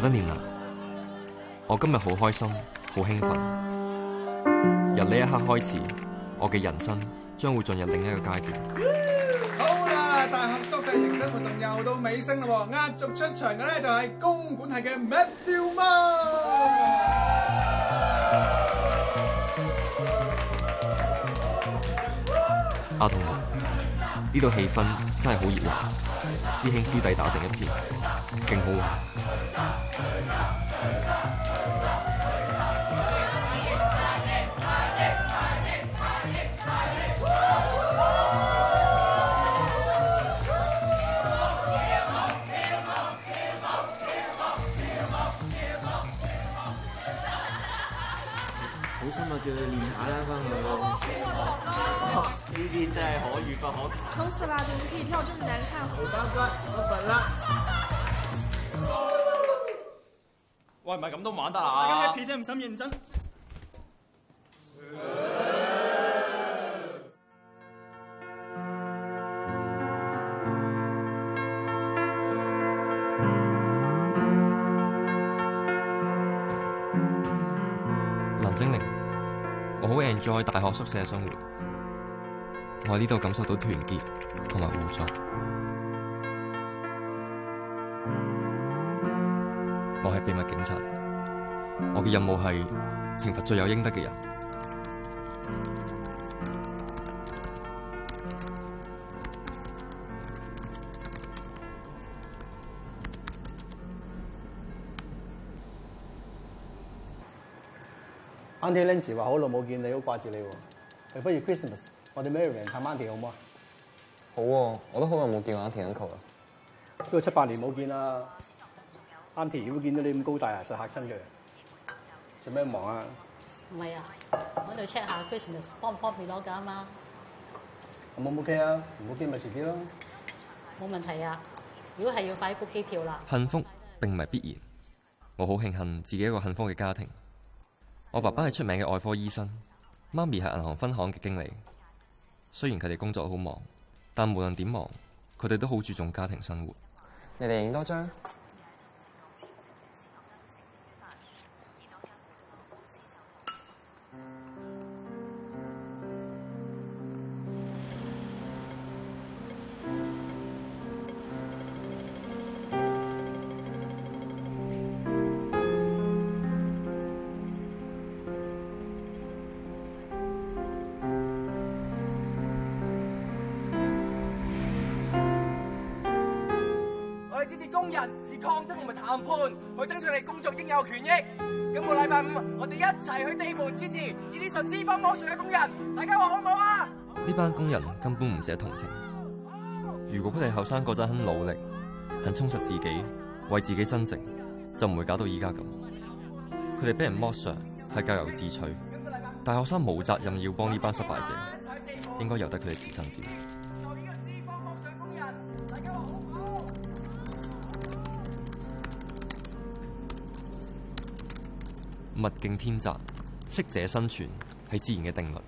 多年啦，我今日好開心，好興奮。由呢一刻開始，我嘅人生將會進入另一個階段。好啦，大學宿舍迎新活動又到尾聲啦，壓軸出場嘅咧就係公館係嘅 Matthew。阿 Matthew，呢度氣氛真係好熱鬧，師兄師弟打成一片。勁好玩！都玩得啦！皮仔唔想認真。林精靈，我好 enjoy 大學宿舍嘅生活。我喺呢度感受到團結同埋互助。我係秘密警察。我嘅任務是懲罰罪有應得嘅人。Uncle Lynch 話好耐冇見你，你好掛住你。不如 Christmas 我哋 Marvin 睇 Uncle 好唔好啊？好，我都好耐冇見 Uncle Uncle 啦，都七八年冇見啦。Uncle 如果見到你咁高大啊，實嚇親佢。做咩忙啊？唔係啊，揾度 check 下，Christmas 方唔方便攞架嘛。有冇 OK 啊？唔好 k 咪遲啲咯。冇問題啊！如果係要快啲 book 機票啦。幸福並唔係必然，我好慶幸自己一個幸福嘅家庭。我爸爸係出名嘅外科醫生，媽咪係銀行分行嘅經理。雖然佢哋工作好忙，但無論點忙，佢哋都好注重家庭生活。你哋影多張。支持工人而抗爭同埋談判，去爭取你工作應有權益。今個禮拜五，我哋一齊去地盤支持呢啲純資方剝削嘅工人，大家話好唔好啊？呢班工人根本唔值得同情。如果佢哋後生嗰陣肯努力、肯充實自己、為自己增值，就唔會搞到依家咁。佢哋俾人剝削係咎由自取。大學生冇責任要幫呢班失敗者，應該由得佢哋自生自滅。物競天擇，適者，生存係自然嘅定律。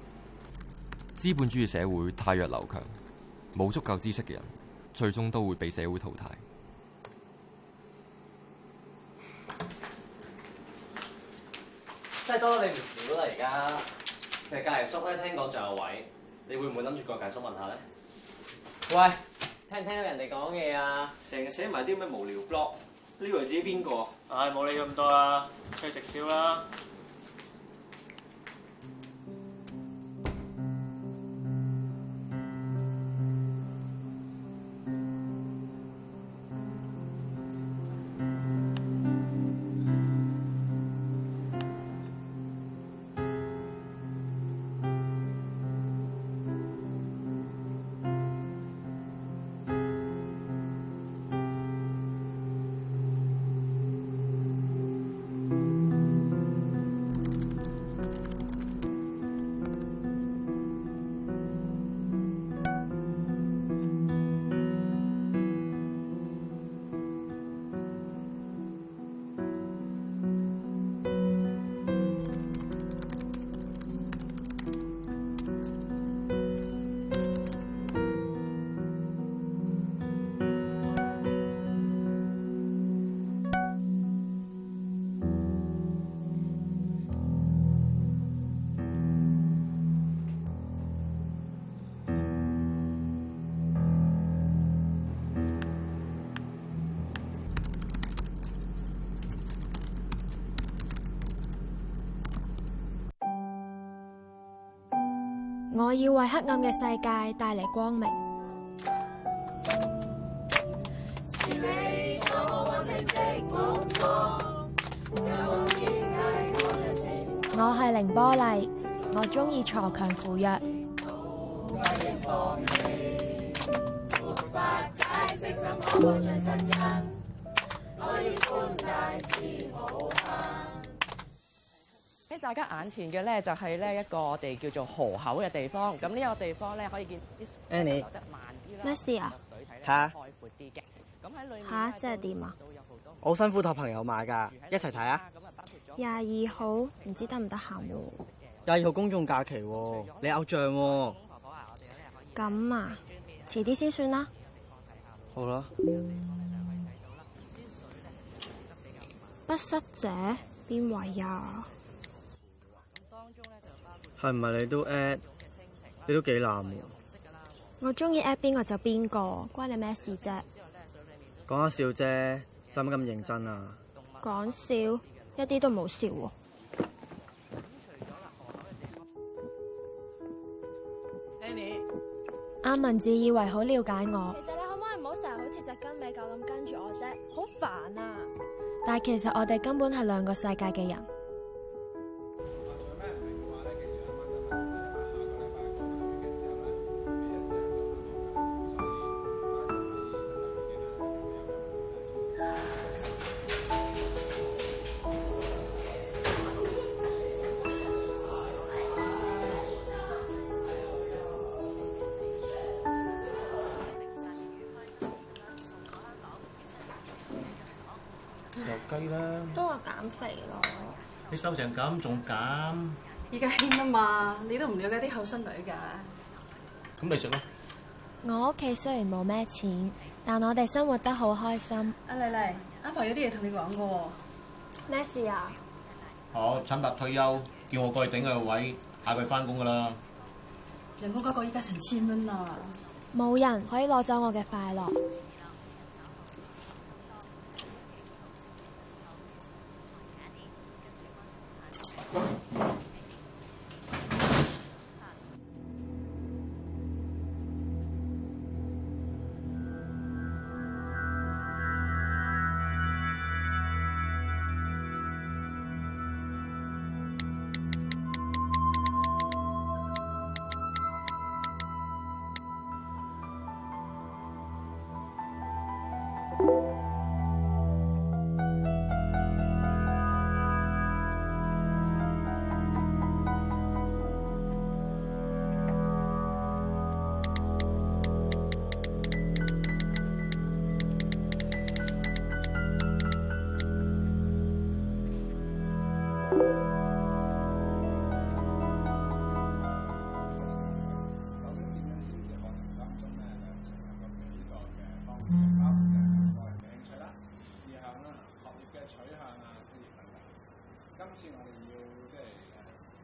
資本主義社會汰弱留強，冇足夠知識嘅人，最終都會被社會淘汰。真係多你唔少啦，而家。其實隔離宿咧，聽講就有位，你會唔會諗住過隔離宿問下咧？喂，聽唔聽到人哋講嘢啊？成日寫埋啲咩無聊 blog。呢個係自己邊個？唉、哎，冇理咁多啦，出去食宵啦！我要為黑暗嘅世界帶嚟光明。我係凌波麗，我中意鋤強扶弱。喺大家眼前嘅咧，就係咧一個我哋叫做河口嘅地方。咁呢個地方咧，可以見，Annie 慢啲咩事啊？吓吓，即係點啊？好辛苦託朋友買噶，一齊睇啊！廿二號唔知得唔得閒喎？廿二號公眾假期，你偶像喎？咁啊？遲啲先算啦。好啦。不失者邊位啊？係唔係你都 at？你都幾濫嘅。我中意 at 邊個就邊個，關你咩事啫？講下笑啫，使乜咁認真啊？講笑，一啲都冇笑喎。阿文自以為好了解我。其實你可唔可以唔好成日好似隻跟尾狗咁跟住我啫？好煩啊！但係其實我哋根本係兩個世界嘅人。收成咁，仲減。而家興啊嘛，你都唔瞭解啲後生女㗎。咁你食啦。我屋企雖然冇咩錢，但我哋生活得好開心。阿麗麗，阿婆有啲嘢同你講嘅喎。咩事啊？好，陳伯退休，叫我過去頂佢個位，下個月翻工㗎啦。人工加過依家成千蚊啦。冇人可以攞走我嘅快樂。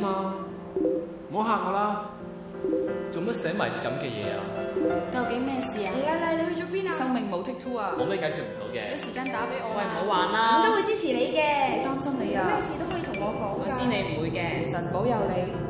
嘛，唔好嚇我啦！做乜寫埋啲咁嘅嘢啊？究竟咩事啊？拉啊，你去咗邊啊？生命冇 take two 啊！冇咩解決唔到嘅。有時間打俾我，啊。喂，唔好玩啦！我都會支持你嘅。好擔心你啊！有咩事都可以同我講。我知你唔會嘅，神保佑你。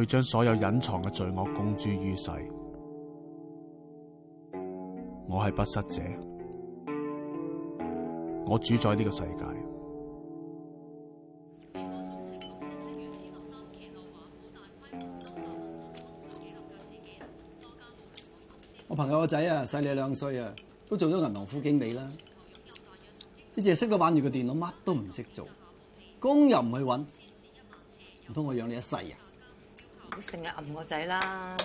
佢將所有隱藏嘅罪惡公諸於世。我係不失者，我主宰呢個世界。我朋友個仔啊，細你兩歲啊，都做咗銀行副經理啦。你淨係識得玩住個電腦，乜都唔識做，工又唔去搵，唔通我養你一世啊？成日揞個仔啦，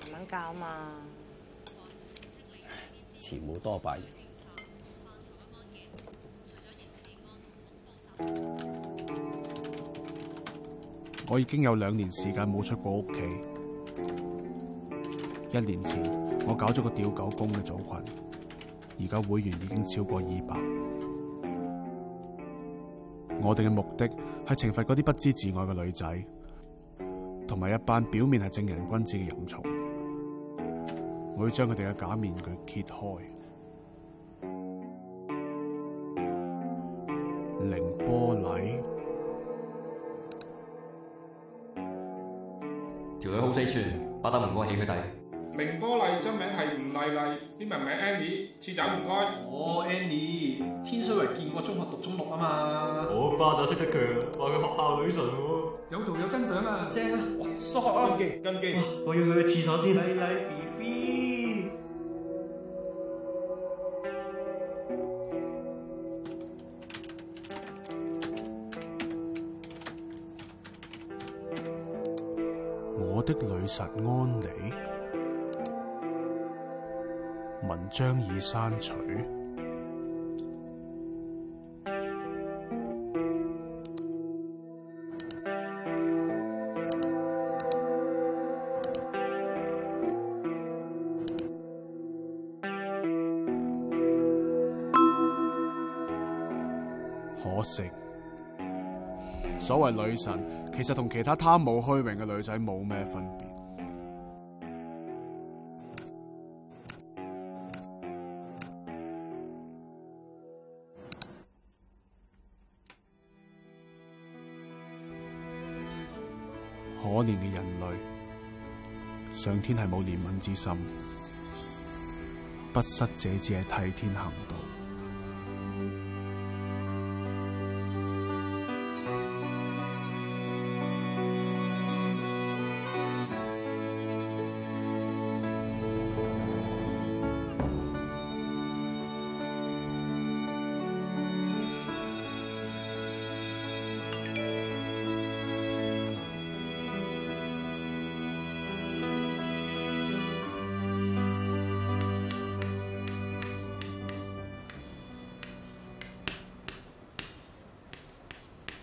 慢慢教啊嘛。慈母多敗兒。我已經有兩年時間冇出過屋企。一年前我搞咗個釣狗公嘅組群，而家會員已經超過二百。我哋嘅目的係懲罰嗰啲不知自愛嘅女仔。同埋一班表面係正人君子嘅淫蟲，我要將佢哋嘅假面具揭開。凌波麗條女好四串，巴打們幫我起佢底。凌波麗真名係吳麗麗，英文名 Annie，似斬唔開。我 Annie 天水圍建國中學讀中六啊嘛。我爸就識得佢，話佢學校女神。有圖有真相啊！正啊！哇，收下安記，我要去個廁所先。禮禮，BB，我的女神安妮，文章已刪除。所謂女神，其實同其他貪慕虛榮嘅女仔冇咩分別。可憐嘅人類，上天係冇憐憫之心，不失者只係替天行道。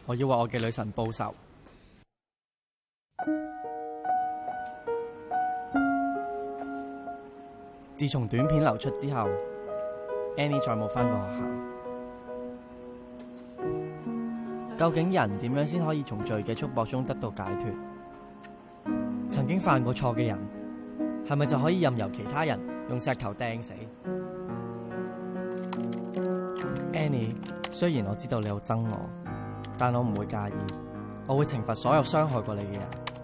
我要為我嘅女神報仇。自從短片流出之後，Annie 再冇返過學校。究竟人點樣先可以從罪嘅束縛中得到解脫？曾經犯過錯嘅人，係咪就可以任由其他人用石頭掟死？Annie，雖然我知道你好憎我。但我唔會介意，我會懲罰所有傷害過你嘅人。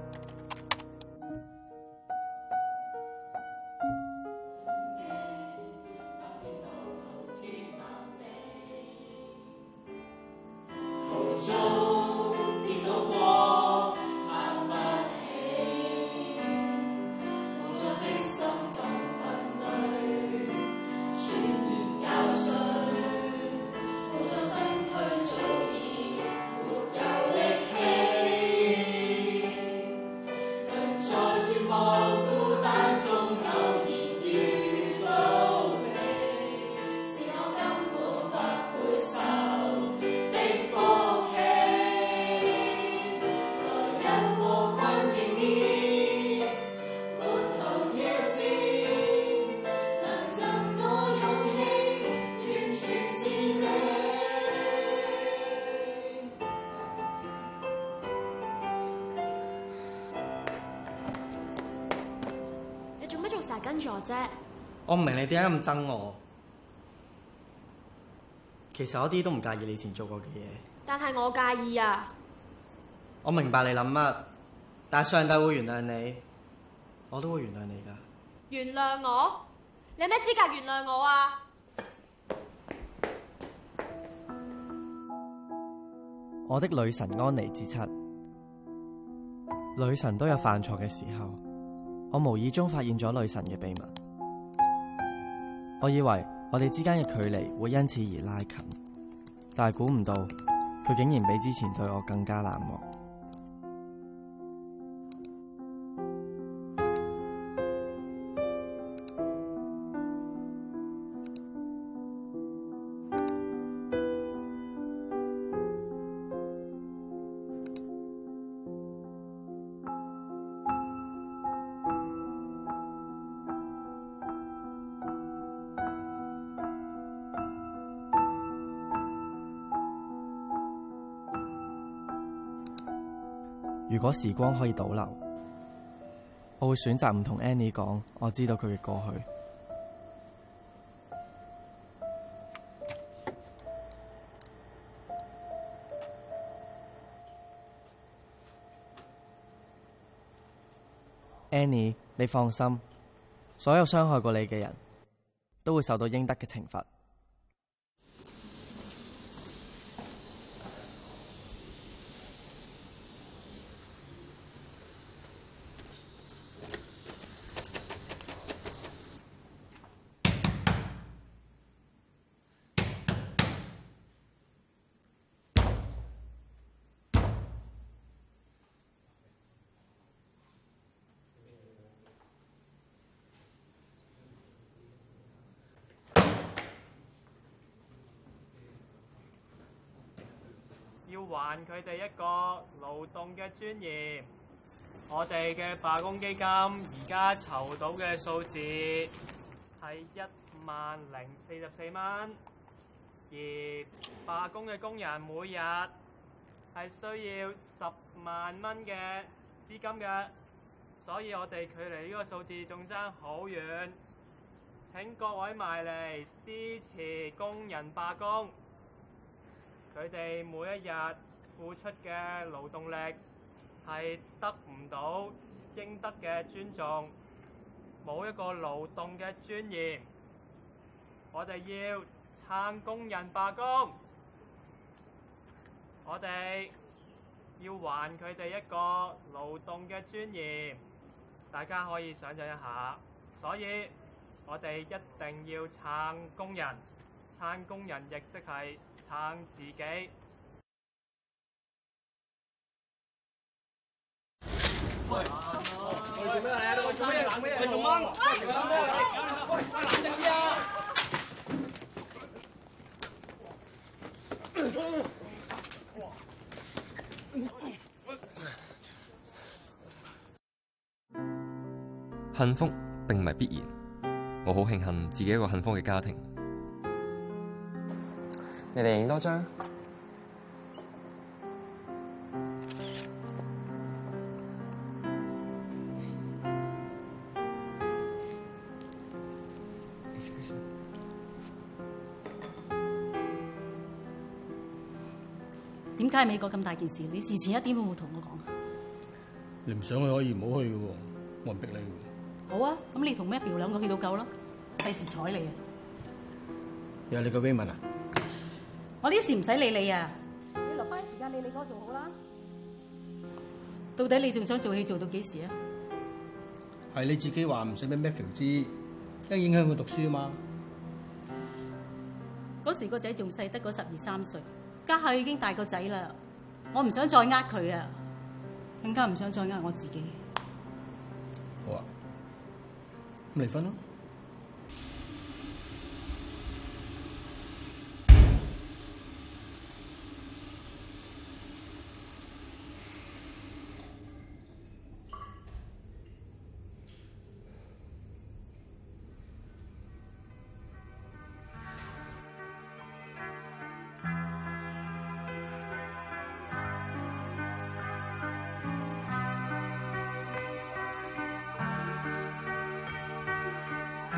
姐，我唔明你點解咁憎我，其實我啲都唔介意你以前做過嘅嘢。但係我介意啊！我明白你諗乜，但係上帝會原諒你，我都會原諒你噶。原諒我？你有咩資格原諒我啊？我的女神安妮之七，女神都有犯錯嘅時候。我無意中發現咗女神嘅秘密，我以為我哋之間嘅距離會因此而拉近，但係估唔到佢竟然比之前對我更加冷漠。如果時光可以倒流，我會選擇唔同 Annie 講，我知道佢嘅過去。Annie，你放心，所有傷害過你嘅人都會受到應得嘅懲罰。還佢哋一個勞動嘅尊嚴。我哋嘅罷工基金而家籌到嘅數字係一萬零四十四蚊，而罷工嘅工人每日係需要十萬蚊嘅資金嘅，所以我哋距離呢個數字仲爭好遠。請各位埋嚟支持工人罷工。佢哋每一日付出嘅勞動力係得唔到應得嘅尊重，冇一個勞動嘅尊嚴。我哋要撐工人罷工，我哋要還佢哋一個勞動嘅尊嚴，大家可以想象一下，所以我哋一定要撐工人。撐工人亦即係撐自己，啊啊啊啊啊啊啊啊。幸福並唔係必然，我好慶幸自己一個幸福嘅家庭。你哋影多張。點解係美國咁大件事？你事前一啲都冇同我講。你唔想去可以唔好去嘅喎，我唔逼你。好啊，咁你同 Michael 兩個去到夠啦，費事睬你，你啊。有係你個 Raymond 啊？啲事唔使理你啊！你留翻啲時間理李哥仲好啦。到底你仲想做戲做到幾時啊？係你自己話唔想俾 Matthew 知，驚影響佢讀書啊嘛。嗰時個仔仲細得嗰十二三歲，家下已經大個仔啦。我唔想再呃佢啊，更加唔想再呃我自己。好啊，離婚咯。